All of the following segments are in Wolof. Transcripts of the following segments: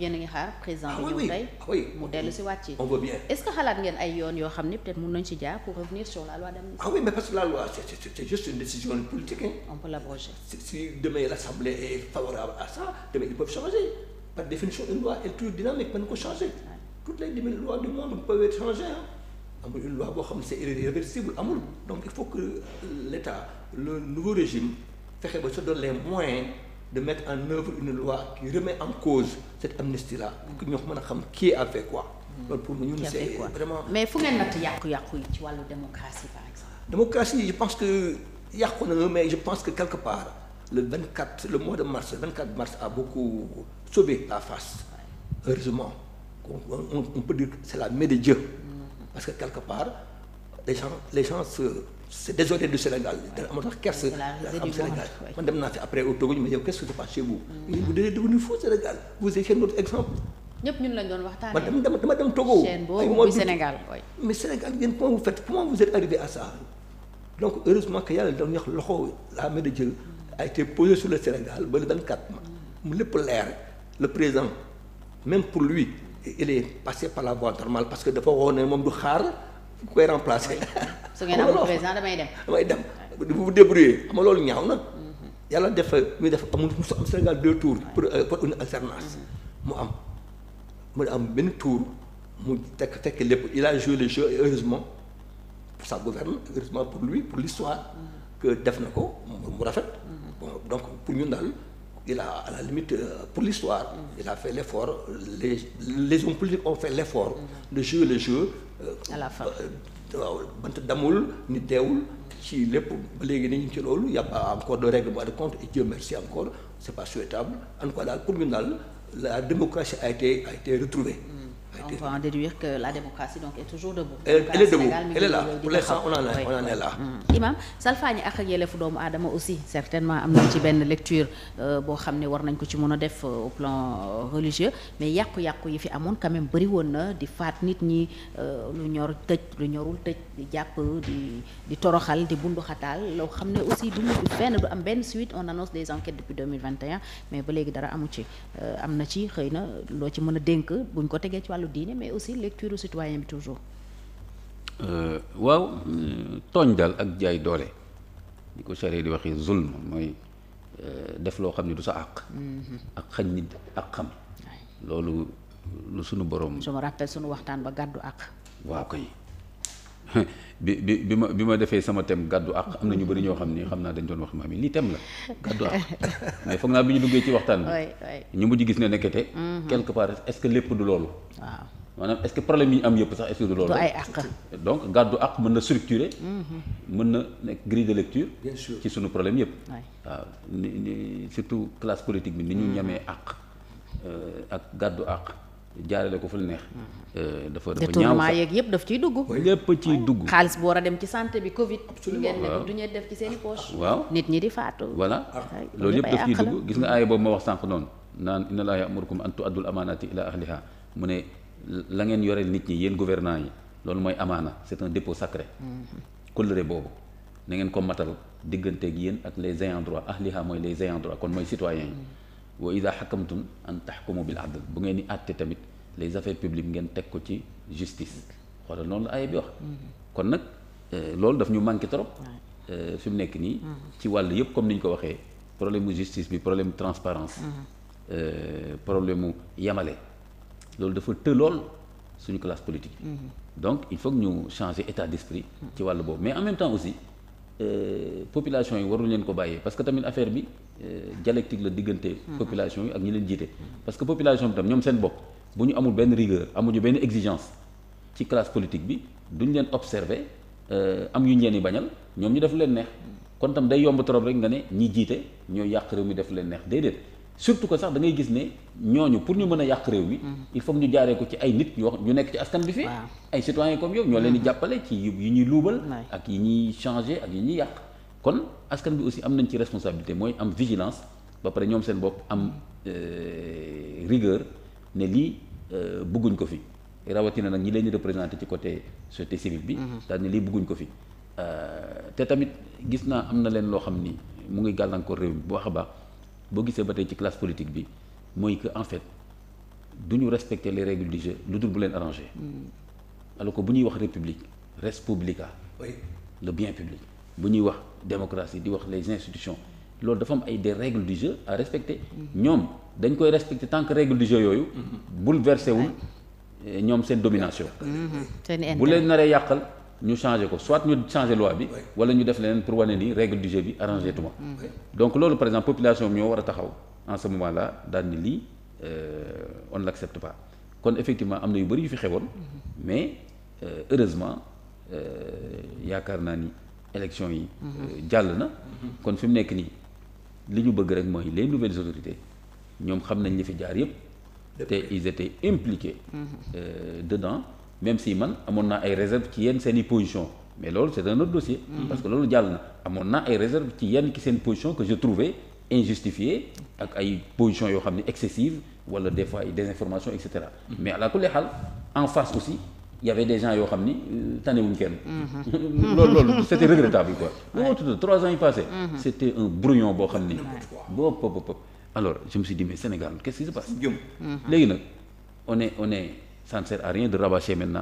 yéen a ngi xaar président ah bi ñëw tey ah mu si wàcc on veut bien est-ce que xalaat ngeen ay yoon yo xam ni peut-être mën ci jaar pour revenir sur la loi d'amnistie ah oui mais parce que la loi c'est c'est juste une décision politique on peut l'abroger si demain l'Assemblée est favorable à ça demain ils peuvent changer par définition une loi est toujours dynamique mën ko changer toutes les mille lois du monde boo xam ne c'est irréversible amul donc il faut que euh, l'État le nouveau régime ba se donne les de mettre en œuvre une loi qui remet en cause cette amnistie-là pour que ñoo mën a xam qui a fait quoi. loolu pour ñun c'est vraiment. mais fu ngeen natt yàqu-yàqu yi ci wàllu démocratie par exemple. démocratie je pense que yàqu na mais je pense que quelque part le 24 le mois de mars le 24 mars a beaucoup sauvé la face heureusement on peut dire que c'est la main de Dieu mm. parce que quelque part les gens les gens c'est désolé du Sénégal dana ama tax kersa am Sénégal dem naa après au Togo ñu ma yow qu'est-ce qui se passe chez vous mm. mais vous devez devenir fou Sénégal vous étiez notre exemple ñëpp ñun dama dem Togo ay mois Sénégal mais Sénégal yéen comment vous faites comment vous êtes arrivé à ça donc heureusement que yàlla dañu loxo la main a été posée sur le Sénégal ba le 24 mu lépp leer le président même pour lui il est passé par la voie normale parce que dafa woo ne moom du xaar ku koy remplacer su ngeen amul damay dem damay dem bu débrouiller xam nga loolu ñaaw na. yàlla def muy def amul musu am Sénégal deux tours pour euh, pour une alternance mu am mu am benn tour mu tekk tekk lépp il a joué le jeu heureusement pour sa gouverne heureusement pour lui pour l'histoire que def na ko mu rafet donc pour ñun daal il a à la limite euh, pour l'histoire il a fait l'effort les les hommes politiques ont fait l'effort de jouer le jeu euh, la fin waaw bant damul nit deewul ci lépp ba léegi ni ñu ci loolu y a pas encore de règlement de compte et Dieu merci encore c'est pas souhaitable en tout daal pour ñun daal la démocratie a été a été retrouvée on peut en déduire que la démocratie donc est toujours debout. elle, elle est debout elle est là pour l'instant on en est mm. doomu aadama aussi certainement am nañ ci benn lecture euh, boo xam ne war nañ ko ci mën a def euh, au plan euh, religieux mais yàqu-yàqu yi fi amoon quand même bëri woon na di faat nit ñi lu ñor tëj lu ñorul tëj di jàpp di di toroxal di bunduxataal loo xam ne aussi du mujj fenn du am benn suite on annonce des enquêtes depuis 2021 mais ba léegi dara amu ci am na ci xëy na loo ci mën dénk diine mais aussi lecture citoyen bi toujours. Euh, waaw tooñ dal ak jaay doole di ko charia di waxee zulm mooy euh, def loo xam ne du sa àq. Mhm. ak xañ nit ak xam. loolu lu sunu borom. je me rappelle sunu waxtaan ba gàddu àq. waaw kay. bi bi bi ma bi ma defee sama tem gàddu àq am na ñu bëri ñoo xam ni xam naa dañ doon wax maam yi lii thème la gàddu àq mais foog naa bi ñu duggee ci waxtaan bi ñu mujj gis ne nekkete mhm. quelque part est-ce que lépp du loolu waaw maanaam est-ce que problème yi ñu am yëpp sax est-ce que du loolu donc gàddu àq mën na structurer mhm. mën na nekk grille de lecture ci suñu problème yëpp waaw ni ni surtout classe politique bi ni ñu mhm. ñamee àq euh, ak gàddu àq jaarale ko fu la neex. Euh, dafa dafa ñaaw détournement yeeg yëpp daf ciy dugg. lépp ciy dugg. xaalis bu war a dem ci santé bi Covid. ngeen ne du ñuy def ci seen i poche. waaw nit ñi di faatu. voilà ah, ah. loolu yëpp daf ciy dugg gis nga aaya boobu ma wax sànq noonu. naan inna laa ya'murukum an tu'addul amaanaati ilaa ahlihaa mu ne la ngeen yoreel nit ñi yéen gouvernants yi loolu mooy amaana c'est un dépôt sacré. Mm-hmm. kóllëre boobu na ngeen ko matal digganteeg yéen ak les ayants droit ahlihaa mooy les ayants droit kon mooy citoyens yi. Mm-hmm. wa ida xakamtum an taxkumu bil adl bu ngeen di àtte tamit les affaires publiques ngeen teg ko ci justice xoolal noonu la aaya bi wax mhm. kon nag euh, loolu daf ñu manqué trop euh, fi mu nekk nii mhm. ci wàll yëpp comme ni ñu ko waxee problème mu justice bi problème mu transparence mhm. euh, problème mu yamale loolu dafa të lool suñu classe politique yi donc il faut que ñu changer état d'esprit ci wàll boobu mais en même temps aussi population yi warul leen ko bàyyee parce tamit affaire Euh, dialectique la diggante mhm. population yi ak ñi leen jiite parce que population bi tam ñoom seen bopp bu ñu amul benn rigueur amuñu benn exigence ci classe politique bi duñ leen observer euh, am yu ñu leen yi bañal ñoom ñu def leen neex kon tam day yomb trop rek nga ne ñi jiite ñoo yàq réew mi def leen neex déedéet surtout que sax da ngay gis ne ñooñu pour ñu mën a yàq réew mi mhm. il faut ñu jaaree ko ci ay nit yoo ñu nekk ci askan bi fii ay citoyens comme leen di mhm. jàppale ci yu ñuy luubal ak yi ñuy changer ak yi ñuy yàq kon askan bi aussi am nañ ci responsabilité mooy am vigilance ba pare ñoom seen bopp am euh, rigueur ne lii euh, bëgguñ ko fi rawatina nag ñi leen représenté ci côté société civile bi. Mhm. daal ne lii bëgguñ ko fi. Euh, te tamit gis naa am na leen loo xam ni mu ngi gàllankoor réew mi bu baax a baax boo gisee ba tey ci classe politique bi mooy que en fait du ñu respecter les règles du jeu lu dul bu leen arrangé. Mhm. alors que bu ñuy wax république res publica. bien public. bu ñuy wax démocratie di wax les institutions loolu dafa am ay des règles du jeu à respecter ñoom dañ koy respecter tant que règles du jeu yooyu bouleversé wul eh, ñoom seen domination bu leen naree yàqal ñu changer ko soit ñu changer loi bi wala ñu def leen pour wane nii règle du jeu bi arrangé tuma donc loolu par exemple population bi ñoo war a taxaw en ce moment daal ni lii euh, on ne l'accepte pas kon effectivement am na yu bëri yu fi xewoon mhm. mais euh, heureusement euh, yaakaar naa ni élection yi mhm. euh, jàll na mhm. kon fi mu nekk nii li ñu bëgg rek mooy les nouvelles autorités ñoom xam nañ li fi jaar yépp te ils étaient impliqués mhm. euh, dedans même si man amoon naa ay réserve ci yenn seen i position mais loolu c'est un autre dossier parce que loolu jàll na amoon naa ay réserve ci yenn ki seen position que je trouvais injustifiée ak ay position yoo xam ne excessive wala des fois ay désinformation et cetera mais à la kulli xaal en face aussi y avait des gens yoo xam ni euh, tanewuñ kenn. Mm-hmm. loolu loolu c' regrettable quoi. waaw bu trois ans yi passé. Mm-hmm. c' un brouillon boo xam ni. waaw boobu boobu alors je me mais Sénégal qu' ce qui se passe. Mm-hmm. léegi nag on est on est ça ne sert à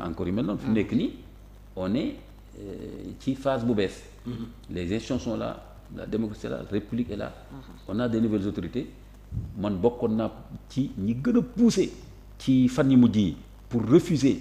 encore yu mel noonu. fu nekk nii on euh, ci phase bu bees. les institutions sont la démocratie est là la république est là. on a des nouvelles autorités man bokkoon naa ci ñi gën a ci fan yi mujj yi pour refuser.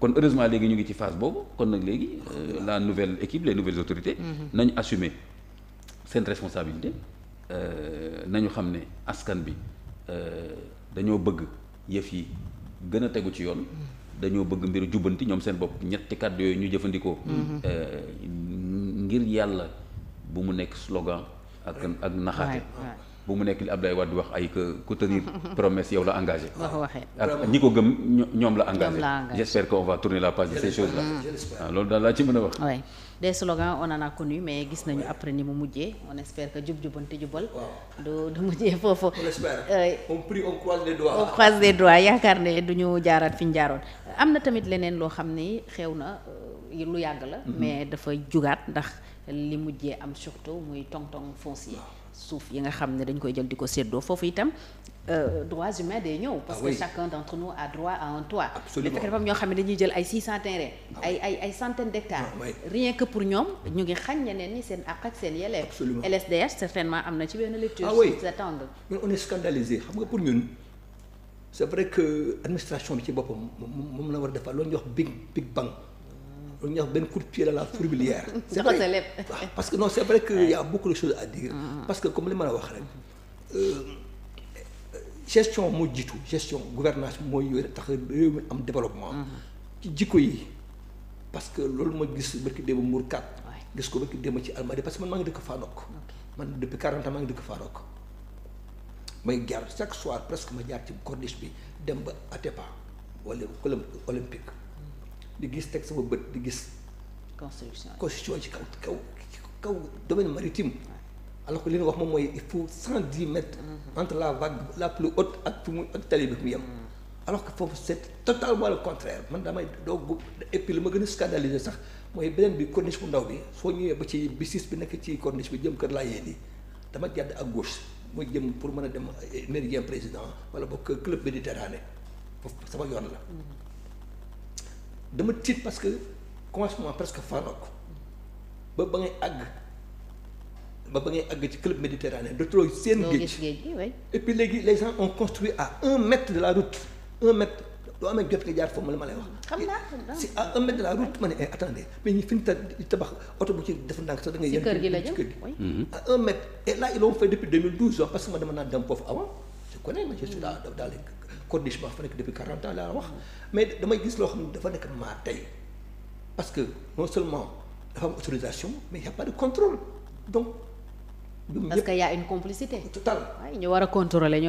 kon heureusement léegi ñu ngi ci phase boobu kon nag léegi euh, la nouvelle équipe les nouvelles autorités mm-hmm. nañu assumer seen responsabilité euh, nañu xam ne askan bi euh, dañoo bëgg yëf yi gën a tegu ci yoon mm-hmm. dañoo bëgg mbiru jubbanti ñoom seen bopp ñetti kàddu yooyu ñu jëfandikoo mm-hmm. ngir yàlla bu mu nekk slogan ak ak naxaate bu mu nekk li Abdoulaye Wade wax ay que ku tenir promesse yow la engagé. ak ñi ko gëm ñoom la engagé. j'espère qu'on va tourner la page de ces choses là. Mm. Ah, daal laa ci mën a wax. des slogans on en a connu mais gis nañu après ni mu mujjee on espère que jub jubanti jubal. du du mujjee foofu. on espère on prie on croise les doigts. yaakaar ne du ñu jaaraat fi ñu jaaroon am na tamit leneen loo xam ni xew na euh, lu yàgg la. Mm-hmm. mais dafa jugaat ndax li mujjee am surtout muy tong tong foncier. suuf yi nga xam ne dañ koy jël di ko séddoo foofu itam euh, droits humains day ñëw ah parce que chacun d'entre nous a droit à un toit mais fekk dafa ñoo xam ne dañuy jël ay six cent terrain ah ay ay ay centaines d'hectares ah rien que pour ñoom ñu ngi xañ ñeneen ni seen àq ak seen yelleef LSDH certainement am na ci benn lecture sous cet angle mais on est scandalisé xam nga pour ñun c'est vrai que administration bi ci boppam moom la war a defar loolu ñu wax big big bang loolu ñuy wax benn coup de la fourmilière. c'est vrai parce que non c'est vrai que y a beaucoup à dire. Mm-hmm. parce que comme li ma la wax rek euh, gestion moo jiitu gestion gouvernance mooy yore tax réew mi am développement. Mm-hmm. ci jikko yi parce que loolu ma gis barki démb Mourkat. gis ko barki démb ci Almadies parce que man maa ngi dëkk Fanok. man depuis quarante ans maa ngi dëkk Fanok. may jaar chaque soir presque ma jaar ci corniche bi dem ba Atepa wala olympique. di gis teg sama bët di gis. construction construction ci kaw kaw kaw domaine maritime. alors que li ñu wax moom mooy il faut cent dix mètres. Mm-hmm. entre la vague la plus haute ak fi mu ak tali fi mu yem. Mm. alors que foofu set est totalement le contraire man damay doog et puis li ma gën a scandalisé sax mooy beneen bi corniche bu ndaw bi soo ñëwee ba ci bisis bi nekk ci corniche bi jëm kër laa yéen dama jàdd ak gauche mooy jëm pour mën a dem eh, méridien président wala bokk club méditerranée foofu sama yoon la. Mm-hmm. dama tiit parce que commencement presque faanoog ko ba ba ngay àgg ba ba ngay àgg ci club méditerranéen de trop seen géej et puis léegi les gens ont construit à un mètre de la route un mètre doo amee jot nga jaar foofu ma lay wax. xam naa un mètre de la route ma ne eh, attendez mais ñu fi ñu tabax oto bu ci def ndànk sax da ngay. ci kër gi la jëm ci kër gi à un mètre. et là ils l'ont fait parce que ma dama naan dem foofu avant. connais ma je suis dans dans les conditions fa nekk depuis 40 ans laa wax mais damay gis loo xam ne dafa nekk maa tey parce que non seulement dafa am autorisation mais y' a pas de contrôle donc. parce y' a une complicité. totale waaye war a contrôler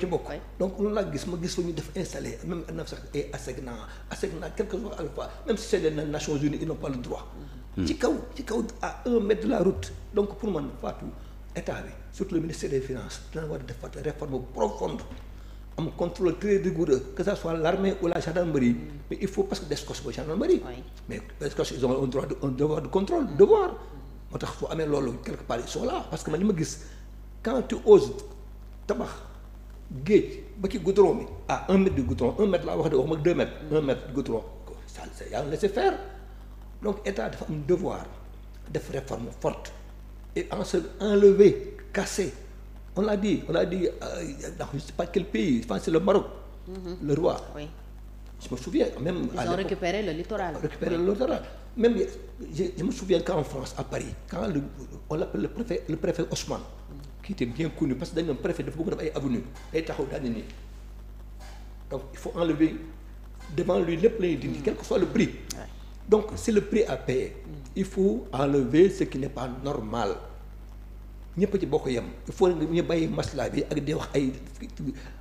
ci bokk donc loolu laa gis ma gis fa ñu def installé même am na sax ay ASECNA ASECNA quelque chose à la fois même si c' est les Nations Unies ils n' pas le droit. Mm-hmm. ci kaw ci kaw à un mètre de la route donc pour man Fatou. état bi surtout le ministère des finances dina war a def réforme profonde am contrôle très rigoureux que ça soit l'armée ou la gendarmerie mais il faut parce que DSCOS mooy gendarmerie. Oui. mais DSCOS ils ont moo tax fu amee loolu quelque part gis tabax géej ba ci goudron bi ah un mètre de goudron un mètre laa wax de waxuma deux mètres. un mètre de goudron ça ça yàlla laisser faire donc état dafa am devoir def réforme forte. en se enlever casser on l'a dit on l'a dit euh, je sais pas quel pays je le Maroc mm le roi je souviens même ils à ont récupéré le littoral récupéré même je, je souviens qu'en France à Paris quand le, on l'appelle le préfet le préfet Haussmann mm qui était bien connu parce que dañu préfet dafa bëgg def ay avenue day taxaw daane nii donc il faut enlever devant lui lépp la ñuy dindi mm. quel que soit le prix donc c'est le prix à payer il faut enlever ce qui n'est pas normal ñëpp ci bokk yem il faut ñu bàyyi masla bi ak di wax ay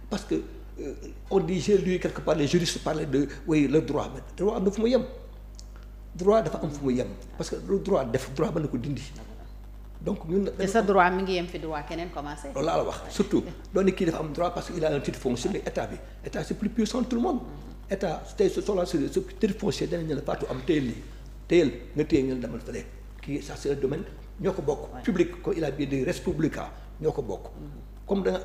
parce que euh, on dit quelque part les juristes parlaient de oui le droit mais am na fu mu yem droit dafa am fu mu yem parce que le droit def droit mën na ko dindi donc ñun. te sa droit mi ngi yem fi droit loolu laa la wax surtout doon kii dafa am droit parce que il a un titre foncier mais état bi état c'est plus puissant tout le état tey su soxlaa sérieux su titre foncier danañ ne la partout am téyel lii téyel nga téye ñu ne demal fële kii ça c'est le domaine ñoo ko bokk public comme il a bien dit res ko bokk comme da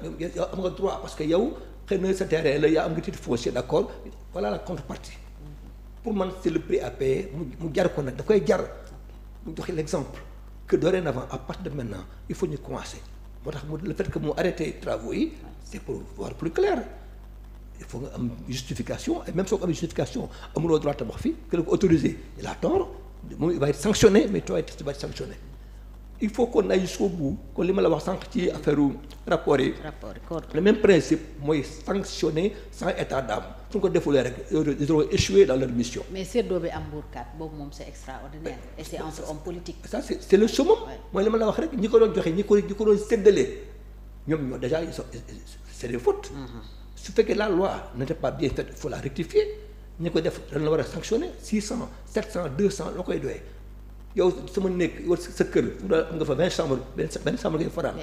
am nga droit parce que yow xëy na sa terrain la yaa am nga titre foncier d'accord voilà la contrepartie pour man si le prix à payer mu mu jar ko nag da koy jar mu joxe l'exemple que dorénavant à partir de maintenant il faut ñu commencer moo tax mu le fait que mu arrêté travaux yi c'est pour voir plus clair il faut nga am justification et même soo ko amee justification amuloo droit tabax fii que la ko autorisé il a tort moom il va être sanctionné mais toi tu vas être sanctionné il faut qu'on aille jusqu'au bout kon li ma la wax sànq ci affaire rapport yi. rapport le même principe mooy sanctionner sans état d'âme su ñu ko defulee rek ils auront échoué dans leur mission. mais seddoo bi am mbuurkat boobu moom c'est extraordinaire. et c'est entre hommes politiques. ça c'est c'est le summum. mooy li ma la wax rek ñi ko doon joxe ñi ko ñi ko doon séddalee ñoom ñoo déjà c'est des fautes. Mm-hmm. su fekkee la loi n'était pas bien faite il la rectifier ñu ko def dañ la war a sanctionner six cent sept cent deux cent loo koy doyee yow sama nekk yow sa kër fu nga fa vingt chambre benn benn chambre ngay fanaan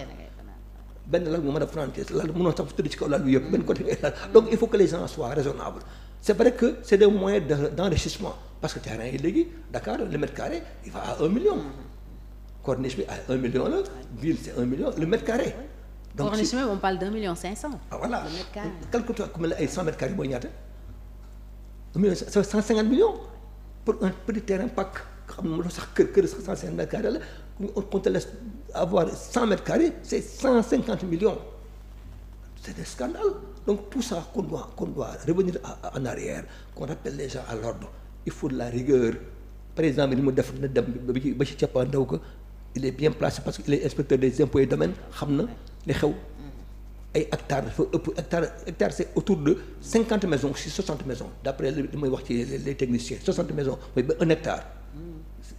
benn lal bu mën a fanaan lal mënoo sax tëdd ci kaw lal bi yëpp benn côté ngay lal donc il faut que les gens soient raisonnables c' est que c' est des moyens parce que terrain yi léegi Dakar le mètre carré il va à un million mm-hmm. corniche bi à un million la ville c' donc si corniche on parle d'un million cinq cent. ah voilà calcule ku mel ne ay cent mètres carrés mooy ñaata. un million c'est pour un petit terrain pàcc xam nga sax kër kër sax cent cinquante mètres carrés la on te laisse avoir cent mètres carrés c'est cent cinquante millions c'est des scandales donc tout ça qu'on doit qu'on revenir en arrière qu'on rappelle les à l'ordre il faut de la rigueur par exemple ni mu na dem ba ci ba ci cappaandaw il est bien placé parce que il est inspecteur des impôts et domaines xam na. li xew ay hectares dafa ëpp hectare hectare c'est autour de cinquante maisons si soixante maisons d'après li may wax ci les techniciens soixante maisons mooy ba un hectare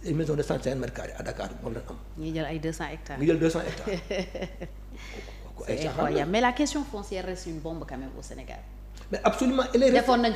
une maison de cent cinquante Dakar moom lañ am. ñu jël ay deux cent hectares ñu jël deux cent hectares. mais la question foncière reste une bombe quand même au Sénégal. mais absolument elle est